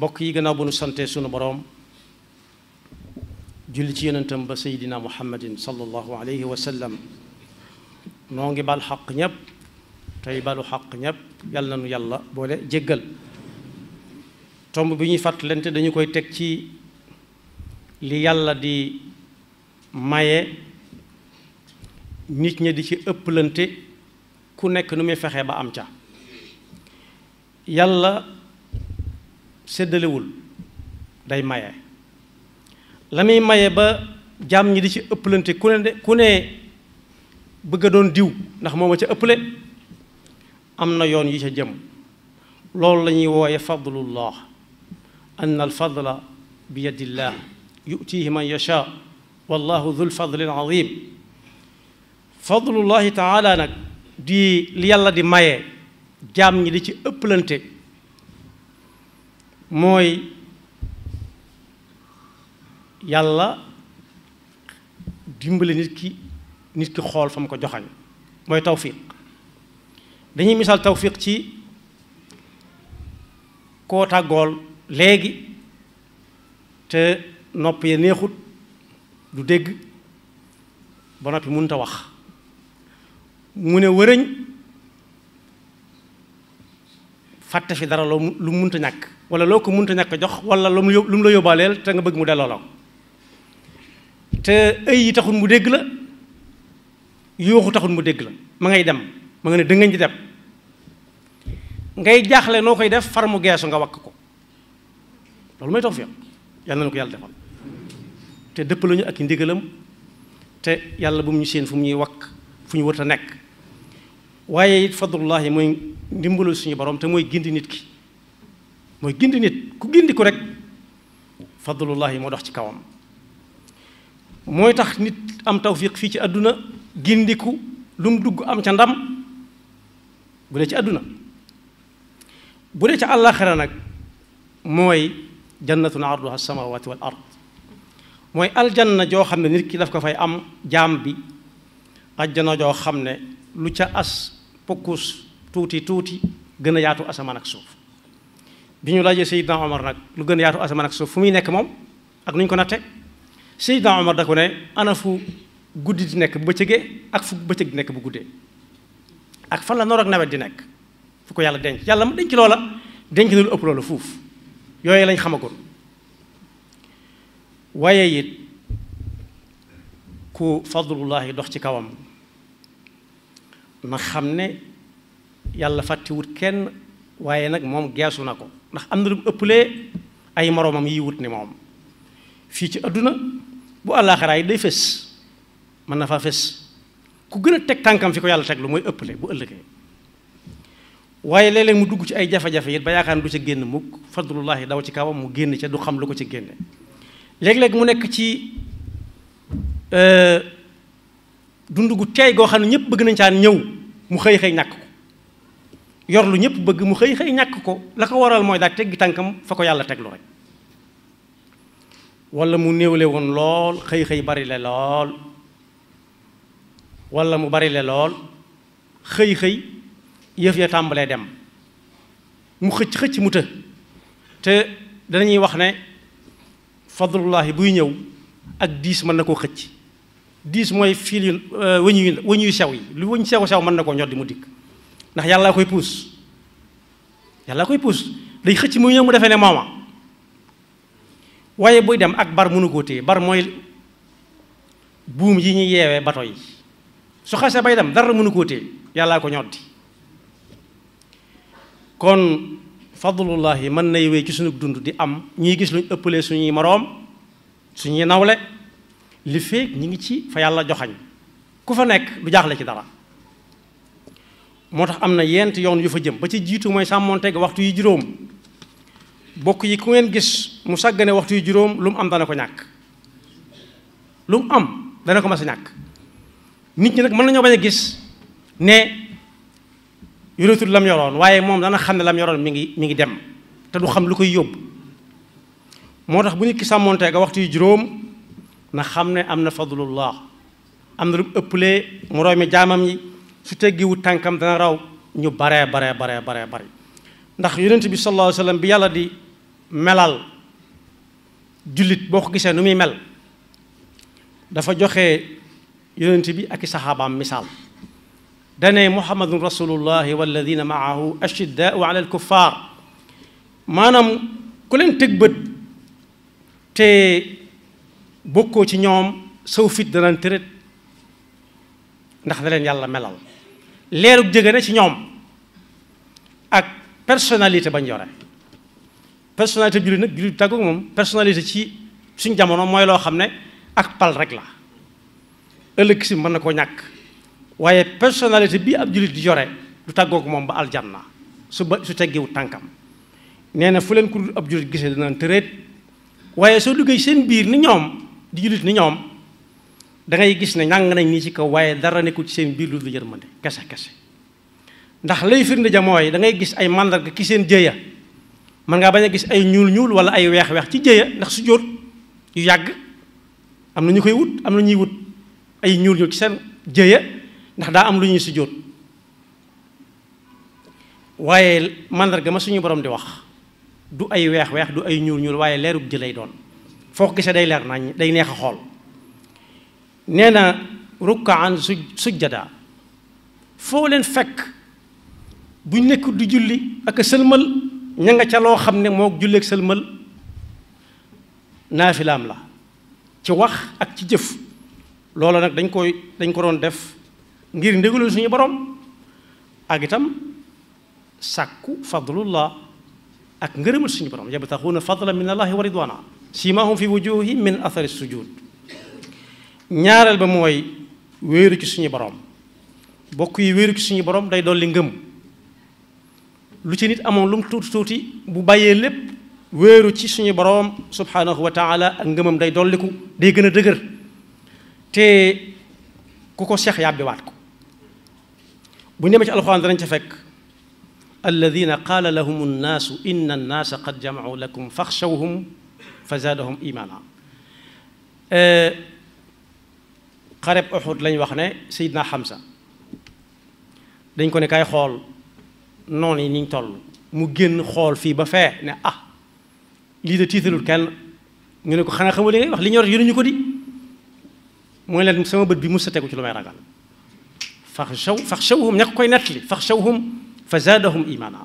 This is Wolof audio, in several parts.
mbokk yi gannaaw bu nu sante sunu boroom julli ci yonentam ba seydina muhammadin sallallahu alayhi wa sallam noo ngi bal xaq ñépp tey balu xaq ñépp yàlla na nu yàlla boole jéggal tomb bi ñuy fàttalante dañu koy teg ci li yàlla di maye nit ña di ci ëpplante ku nekk nu muy fexe ba am ca yàlla séddalewul day maye la muy maye ba jaam ñi di ci ëpplante ku ne ku bëgg a doon diw ndax mooma ca ëpple am na yoon yi ca jëm loolu la ñuy wooye fadlullah ann alfadla bi yadillah yutihi man yasha wallahu dul fadlil azim fadlullahi taala nag di li yàlla di maye jaam ñi di ci ëpplante mooy yàlla dimbale nit ki nit ki xool fa mu ko joxañ mooy tawfiq dañuy misaal tawfiq ci koo tàggool léegi te nopp ya neexut du dégg ba noppi mënut wax mu ne wërëñ fatte fi dara lu munta ñak wala loko ko ñak jox wala lu lu la yóbbaaleel te nga bëgg mu delolo te ay yi taxul mu degg la yooxu taxul mu degg la ma ngay dem ma nga ne ngeen di dem ngay jaaxle noo def far mu nga wakk ko lolou may tawfiq yalla nako yalla defal te depp lañu ak ndigeelam te yalla bu mu ñu seen fu mu ñuy wakk fu ñu nek waye it ndimbalu suñu borom te mooy gindi nit ki mooy gindi nit ku gindi ko rek yi moo dox ci kawam mooy tax nit am tawfiq fii ci àdduna gindiku lu mu dugg am ca ndam bu dee ci àdduna bu ca àllaaxira nag mooy jannatun arduha samawati wal ard mooy aljanna joo xam ne nit ki daf ko fay am jaam bi aljanna joo xam ne lu ca as pokkus tuuti tuuti gën a yaatu asamaan ak suuf bi ñu laajee Omar nag lu gën a yaatu asamaan ak suuf fu muy nekk moom ak nuñ ko natte Seydina Omar da ko ne ana fu guddi di nekk bu bëccëgee ak fu bëccëg di nekk bu guddee ak fan la noor ak nawet di nekk fu ko yàlla denc yàlla mu denc loola denc na lu ëpp loola fuuf yooyu lañ xamagul waaye it ku fadlullahi dox ci kawam na xam ne yàlla fàttewut kenn waaye nag moom geesu na ko ndax am na lu mu ay moroomam yi wut ni moom fii ci àdduna bu àllaaxaraa yi day fés mën na faa fés ku gën a teg tànkam fi ko yàlla teg lu mooy ëppale bu ëllëgee waaye léeg mu dugg ci ay jafe-jafe it ba yaakaar ne du ci génn mukk fadlullahi daw ci kawam mu génn ca du xam lu ko ca génne léeg-léeg mu nekk ci euh, dund gu teey goo xam ne ñëpp bëgg nañ caan ñëw mu xëy xëy ñàkk yor lu ñëpp bëgg mu xëy xëy ñàkk ko la ko waral mooy daal teggi tànkam fa ko yàlla teglu rek wala mu néewle woon lool xëy xëy bari le lool wala mu bari le lool xëy xëy yëf ya tàmbalee dem mu xëcc xëcc mu të te danañuy wax ne fadlullahi buy ñëw ak diis mën na koo xëcc diis mooy fiil euh, yu wëñ yu sew yi lu wëñ sew sew mën na koo ñoddi mu dikk ndax yàlla koy puus yàlla koy puus day xëcc muy ñëw mu defee ne mooma waaye buy dem ak bar mënu koo téye bar mooy buum yi ñuy yeewe bato yi su xasee bay dem dara mënu koo téye yàllaa ko ñoddi kon fadlullahi mën nay wéy ci suñu dund di am ñuy gis luñ ëppalee suñuy moroom suñuy nawle li feeg ñi ngi ci fa yàlla joxañ ku fa nekk du jaaxle ci dara moo tax am na yent yoon yu fa jëm ba ci jiitu mooy sàmmoonteeg waxtu yu juróom bokk yi ku ngeen gis mu sàggane waxtu yu juróom lu mu am dana ko ñàkk lu mu am dana ko ma a ñàkk nit ñi nag mën nañoo bañ a gis ne yoretul lam yoroon waaye moom dana xam ne lam yoroon mi ngi mi ngi dem te du xam lu koy yóbbu moo tax bu nit ki sàmmoonteeg waxtu yu juróom na xam ne am na fadlullah am na lu mu ëppalee moroomi jaamam yi su teggiwu tànkam dana raw ñu baree baree baree baree bari ndax yonent bi sallallahu alayhi wa sallam bi yàlla di melal julit boo ko gisee nu muy mel dafa joxe yonent bi ak i saxaabaam misaal danee muhammadun rasulullahi walladina maahu ashiddau ala alkuffar maanaam ku leen teg bët te bokkoo ci ñoom saw fit danañ tërët ndax da leen yàlla melal leerug jege na ci ñoom ak personnalité bañ yore personnalité jullit nag jullit tàggu moom personnalité ci suñ jamono mooy loo xam ne ak pal rek la ëllëg si mën na koo ñàkk waaye personnalité bi ab jullit di yore du tàggoog moom ba aljanna su ba su teggiwu tànkam nee na fu leen ku ab jullit gisee dinañ tëreet waaye soo duggee seen biir ni ñoom di jullit ni ñoom da ngay gis ne ñang nañ ni ci ko waye dara ko ci seen biir lu du yermande kese kese ndax lay firnde ja moy da ngay gis ay mandar ki seen jeeya man nga baña gis ay ñuul ñuul wala ay wex wex ci jeeya ndax su jor yu yag amna na wut amna ñi wut ay ñuul ñuul ci seen jeeya ndax da am lu ñuy su jóot waaye màndarga ma suñu borom di wax du ay wex wex du ay ñuul ñuul waaye leerub jëlay doon fokk ci day leer nañ day neex xol nee na rukkaan su sujjada foo leen fekk buñ nekk du julli ak sëlmal ña nga ca loo xam ne moo julleeg sëlmal naafilaam la ci wax ak ci jëf loola nag dañ koy dañ ko doon def ngir ndégalu suñu borom ak itam sàkku fadlullah ak ngërëmal suñu borom yabtaxuuna fadla min allahi wa ridwana simahum fi wujuhihim min athari sujud ñaaral ba mooy wéeru ci suñu borom bokk yi wéeru ci suñu borom day dolli ngëm lu ci nit amoon lu mu tuuti tuuti bu bàyyee lépp wéeru ci suñu borom subhanahu wa taala ak ngëmam day dolliku day gën a dëgër te ku ko seex yàbbiwaat ko bu ñu ci alxuraan danañ ca fekk alladina qala lahum nnaasu inna nnaasa qad jamacu lakum faxshawhum fa zaadahum imaana xareb Uhud lañ wax ne Seydina Hamza dañ ko ne kay xool noon yi niñ toll mu génn xool fii ba fee ne ah lii de tiitalul kenn ñu ne ko xanaa xamul li ngay wax li ñor yëruñu ko di mooy leen sama bët bi mos a tegu ci lu may ragal faxshaw faxshawhum ña ko koy nettali faxshawhum fa zaadahum imaana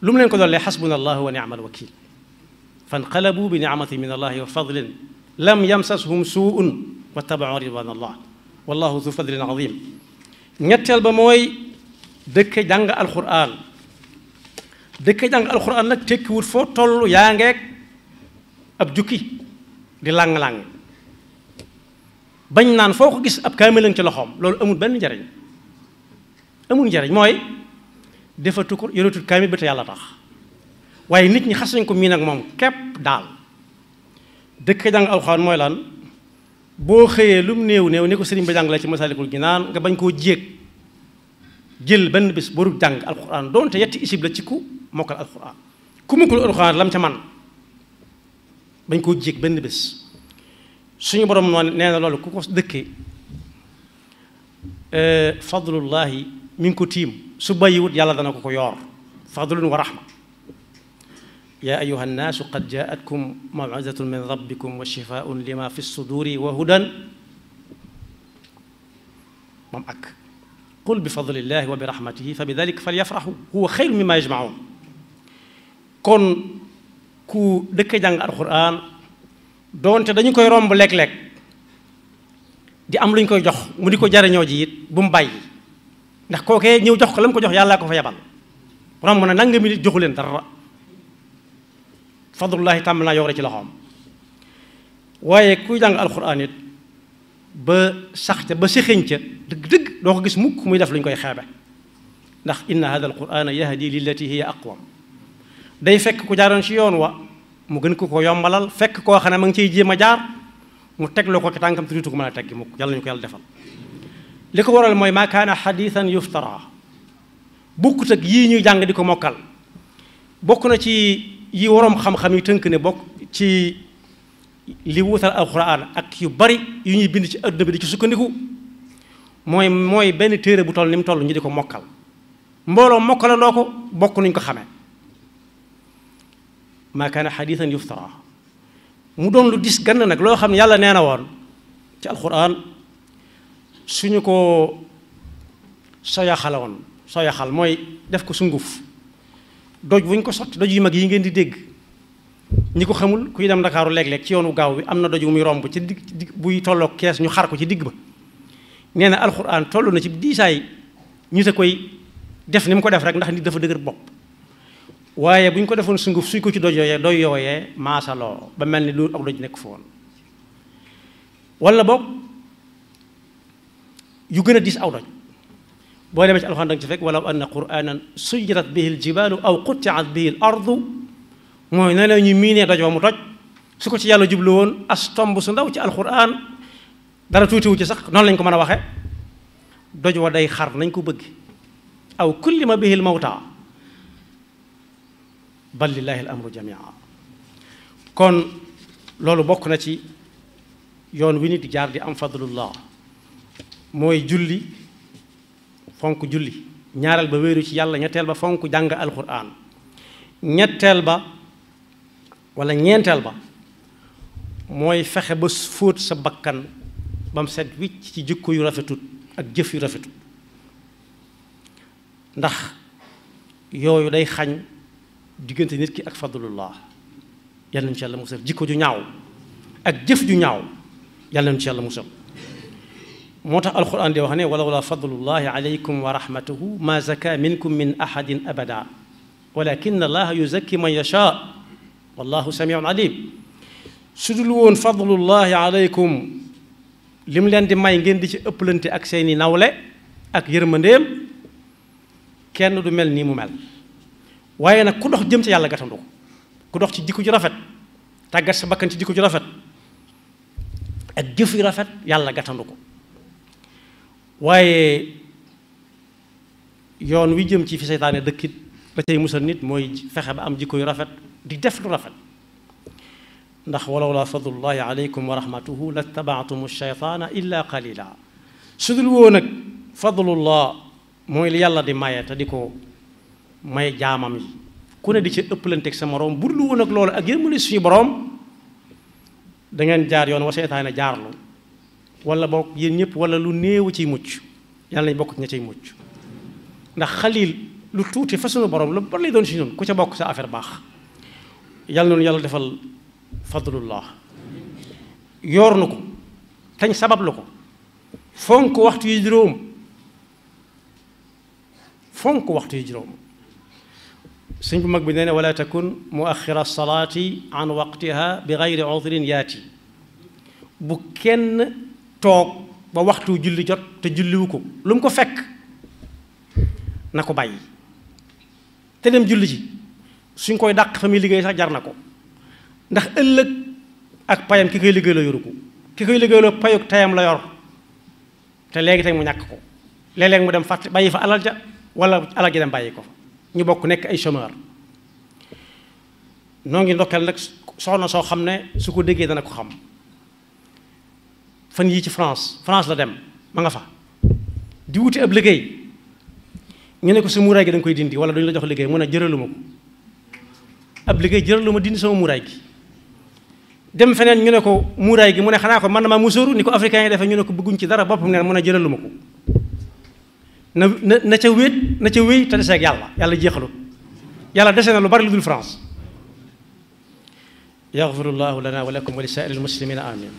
lu mu leen ko dollee xasbuna allahu wa ni'mal wakiil fanqalabu bi ni'matin min allahi wa fadlin lam yamsashum suu'un واتبعوا رضوان الله والله ذو فضل عظيم نيتال بموي دك جانغ القران دك جانغ القران نك تك ور فو تولو يانغ اب جوكي دي لانغ لانغ باج نان فوكو غيس اب كامل نتي لوخوم لول امول بن جاري امول جاري موي ديفا تكور يروتو كامل بتا يالا تاخ واي نيت ني خاصنكو مي موم كيب دال دك جانغ القران موي لان boo xëyee lu mu néew néew ni ko sëriñ ba jàngale ci Masaalikul Jinaan nga bañ koo jéeg jël benn bis booru jàng alxuraan doonte yetti isib la ci ku mokkal alxuraan ku mokkal alxuraan lam ca man bañ koo jéeg benn bis suñu borom noonu nee na loolu ku ko dëkkee euh, fadlullahi mi ngi ko tiim su bàyyiwut yàlla dana ko ko yoor fadlun wa rahma يا أيها الناس قد جاءتكم موعظة من ربكم وشفاء لما في الصدور وهدى ممأك قل بفضل الله وبرحمته فبذلك فليفرحوا هو خير مما يجمعون كن كو دك جان القران دون تا دانيو كوي رومب ليك دي ام لوني كوي جوخ مو ديكو جاري نيو جييت بوم باي نيو جوخ كلام كو جوخ يالا كو فيبال رومب نا نانغي مي جوخولين fadlullahi tàmm naa yore ci loxoom waaye kuy jàng alxuraan it ba sax ca ba sixéñ ca dëgg-dëgg doo ko gis mukk muy def lu ñu koy xeebe ndax inna hada alqurana yahdi lillati hiya aqwam day fekk ku jaaroon ci yoon wa mu gën ko ko yombalal fekk koo xam ne ma ngi ciy jéem a jaar mu tegloo ko ki tànkam tuuti ko mën a teggi mukk yàlla ñu ko yàlla defal li ko waral mooy maa kaana xadiisan yuftara bukkut ak yii ñuy jàng di ko mokkal bokk na ci yi waroom xam-xam yi tënk ne bokk ci li wutal alxuraan ak yu bari yu ñuy bind ci adduna bi di ci sukkandiku mooy mooy benn téere bu toll ni mu toll ñu di ko mokkal mbooloo mokkalandoo ko bokk nuñ ko xamee maa kaana xadiisan yuftara mu doon lu dis gann nag loo xam ne yàlla nee na woon ci alxuraan suñu ko soyaxale woon soyaxal mooy def ko sunguf doj wuñ ko sotti doj yu mag yi ngeen di dégg ñi ko xamul kuy dem ndakaaru léeg-léeg ci yoonu gaaw bi am na doj wu muy romb ci digg buy tolloog kees ñu xar ko ci digg ba nee na alxuraan toll na ci diisaay ñu te koy def ni mu ko def rek ndax nit dafa dëgër bopp waaye bu ñu ko defoon sunguf suñ ko ci doj yooyee doy yooyee maasaloo ba mel ni lu ak doj nekk foon walla boog yu gën a diis aw doj بوني مش الخان دنج فيك ولو ان قرانا سجرت به الجبال او قطعت به الارض موي نانا ني ميني داجو مو توج سوكو سي يالا جوبلو وون استومب سو نداو سي القران دارا توتي وتي صاح نون لنجكو مانا داي خار نانكو بيغ او كل ما به الموتى بل لله الامر جميعا كون لولو بوك يون ويني نيت ام فضل الله موي جولي fonk julli ñaaral ba wéeru ci yàlla ñetteel ba fonk jàng alquran ñetteel ba wala ñeenteel ba mooy fexe ba fóot sa bakkan ba mu set wicc ci jikko yu rafetut ak jëf yu rafetut ndax yooyu day xañ diggante nit ki ak fadlullah yàlla nañ ci yàlla musal jikko ju ñaaw ak jëf ju ñaaw yàlla nañ ci yàlla musal موتا القران دي وخني ولولا فضل الله عليكم ورحمته ما زكى منكم من احد ابدا ولكن الله يزكي من يشاء والله سميع عليم سدلون فضل الله عليكم لم لن دي ماي نين دي ابلنتي اك سيني ناولي اك يرمنديم كين دو مل ني مل وايي نا كودوخ جيم سي يالا غاتاندو كودوخ سي ديكو جي رافات تاغات سا ديكو جي اك جيفي رافات يالا غاتاندوكو waaye yoon wi jëm ci fi seytaane dëkkit ba tey musal nit mooy fexe ba am jikko yu rafet di def lu rafet ndax walaw laa fadlullahi aleykum wa rahmatuhu la tabaatum sheytaana illa qalila su dul woo nag fadlullah mooy li yàlla di maye te di ko may jaamam yi ku ne di ci ëppalanteeg sa moroom bu dul woon ak loolu ak yërmande suñu boroom da ngeen jaar yoon wa seytaane jaarlu wala bokk yéen ñëpp wala lu néew ciy mucc yàlla nañ bokk ña ciy mucc ndax xalil lu tuuti fa sunu borom lu bari lay doon si ñun ku ca bokk sa affaire baax yàlla noonu yàlla defal fadlullah yoor nu ko tañ sabab lu ko fonk waxtu yu juróom fonk waxtu yu juróom sëñ bu mag bi nee na wala takun muaxira salaati an waqtiha bi gayri udrin yaati bu kenn toog ba waxtu julli jot te julliwu ko lu mu ko fekk na ko bàyyi te dem julli ji suñ koy dàq fa muy liggéey sax jar na ko ndax ëllëg ak payam ki koy liggéey la yoru ko ki koy liggéey la payuk tayam la yor te léegi tey mu ñàkk ko léeg mu dem fàtte bàyyi fa alal ja wala alal ja dem bàyyi ko fa ñu bokk nekk ay chômeur noo ngi ndokkeel nag soxna soo xam ne su ko déggee dana ko xam fan yi ci France France la dem ma nga fa di wuti ab liggéey ñu ne ko sa muuraay gi dang koy dindi wala duñ la jox liggéey mu ne jëraluma ko ab liggéey jëraluma dindi sama muuraay gi dem feneen ñu ne ko muuraay gi mu ne xanaa ko man maa musoru ni ko africain yi defee ñu ne ko bëgguñ ci dara boppam ne mu ne jëraluma ko na na ca wéet na ca wéy te deseeg yàlla yàlla jeexalu yàlla dese na lu bari lu dul France يغفر الله لنا ولكم ولسائر المسلمين امين